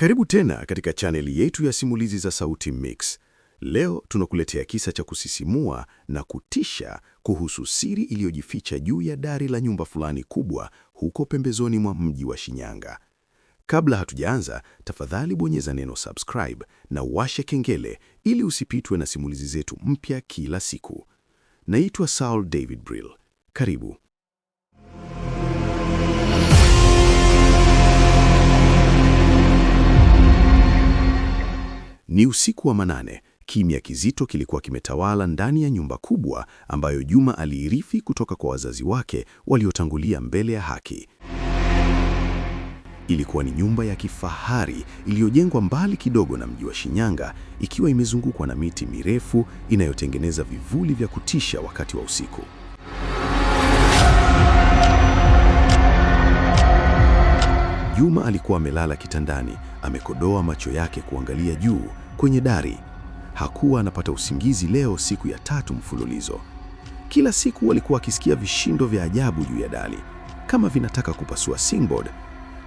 Karibu tena katika chaneli yetu ya simulizi za sauti Mix. Leo tunakuletea kisa cha kusisimua na kutisha kuhusu siri iliyojificha juu ya dari la nyumba fulani kubwa huko pembezoni mwa mji wa Shinyanga. Kabla hatujaanza, tafadhali bonyeza neno subscribe na washe kengele ili usipitwe na simulizi zetu mpya kila siku. Naitwa Saul David Brill. Karibu. Ni usiku wa manane, kimya kizito kilikuwa kimetawala ndani ya nyumba kubwa ambayo Juma aliirithi kutoka kwa wazazi wake waliotangulia mbele ya haki. Ilikuwa ni nyumba ya kifahari iliyojengwa mbali kidogo na mji wa Shinyanga, ikiwa imezungukwa na miti mirefu inayotengeneza vivuli vya kutisha wakati wa usiku. Juma alikuwa amelala kitandani, amekodoa macho yake kuangalia juu, kwenye dari. Hakuwa anapata usingizi leo siku ya tatu mfululizo. Kila siku walikuwa akisikia vishindo vya ajabu juu ya dari, kama vinataka kupasua singboard.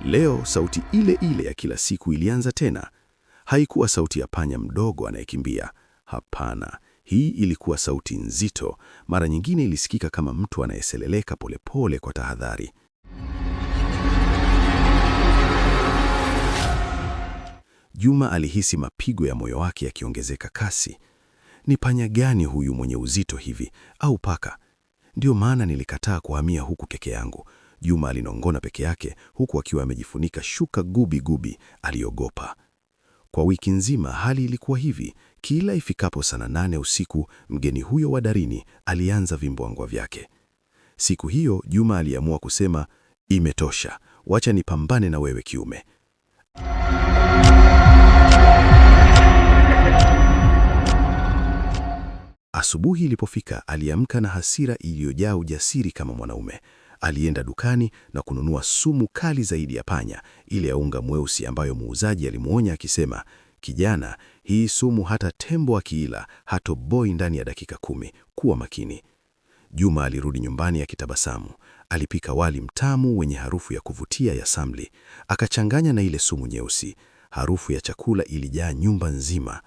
Leo sauti ile ile ya kila siku ilianza tena. Haikuwa sauti ya panya mdogo anayekimbia. Hapana, hii ilikuwa sauti nzito, mara nyingine ilisikika kama mtu anayeseleleka polepole kwa tahadhari. Juma alihisi mapigo ya moyo wake yakiongezeka kasi. Ni panya gani huyu mwenye uzito hivi, au paka? ndio maana nilikataa kuhamia huku peke yangu, Juma alinongona peke yake, huku akiwa amejifunika shuka gubi gubi. Aliogopa. Kwa wiki nzima hali ilikuwa hivi. Kila ifikapo saa nane usiku, mgeni huyo wa darini alianza vimbwangwa vyake. Siku hiyo Juma aliamua kusema, imetosha, wacha nipambane na wewe kiume. Asubuhi ilipofika, aliamka na hasira iliyojaa ujasiri kama mwanaume. Alienda dukani na kununua sumu kali zaidi ya panya, ile ya unga mweusi ambayo muuzaji alimuonya akisema, kijana, hii sumu hata tembo akiila hatoboi ndani ya dakika kumi. Kuwa makini. Juma alirudi nyumbani akitabasamu. Alipika wali mtamu wenye harufu ya kuvutia ya samli, akachanganya na ile sumu nyeusi. Harufu ya chakula ilijaa nyumba nzima.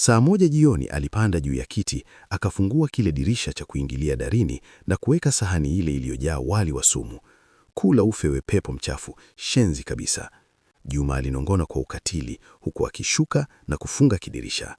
Saa moja jioni alipanda juu ya kiti, akafungua kile dirisha cha kuingilia darini na kuweka sahani ile iliyojaa wali wa sumu. Kula ufe we pepo mchafu, shenzi kabisa. Juma alinongona kwa ukatili huku akishuka na kufunga kidirisha.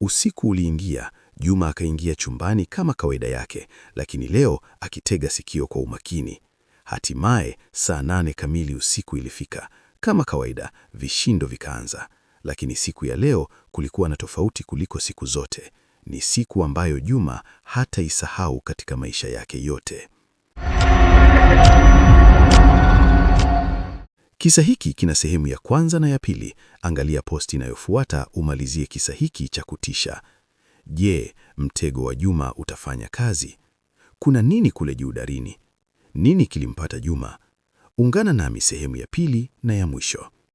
Usiku uliingia. Juma akaingia chumbani kama kawaida yake, lakini leo akitega sikio kwa umakini. Hatimaye saa nane kamili usiku ilifika. Kama kawaida, vishindo vikaanza, lakini siku ya leo kulikuwa na tofauti kuliko siku zote. Ni siku ambayo Juma hataisahau katika maisha yake yote. Kisa hiki kina sehemu ya kwanza na ya pili. Angalia posti inayofuata umalizie kisa hiki cha kutisha. Je, mtego wa Juma utafanya kazi? Kuna nini kule juu darini? Nini kilimpata Juma? Ungana nami sehemu ya pili na ya mwisho.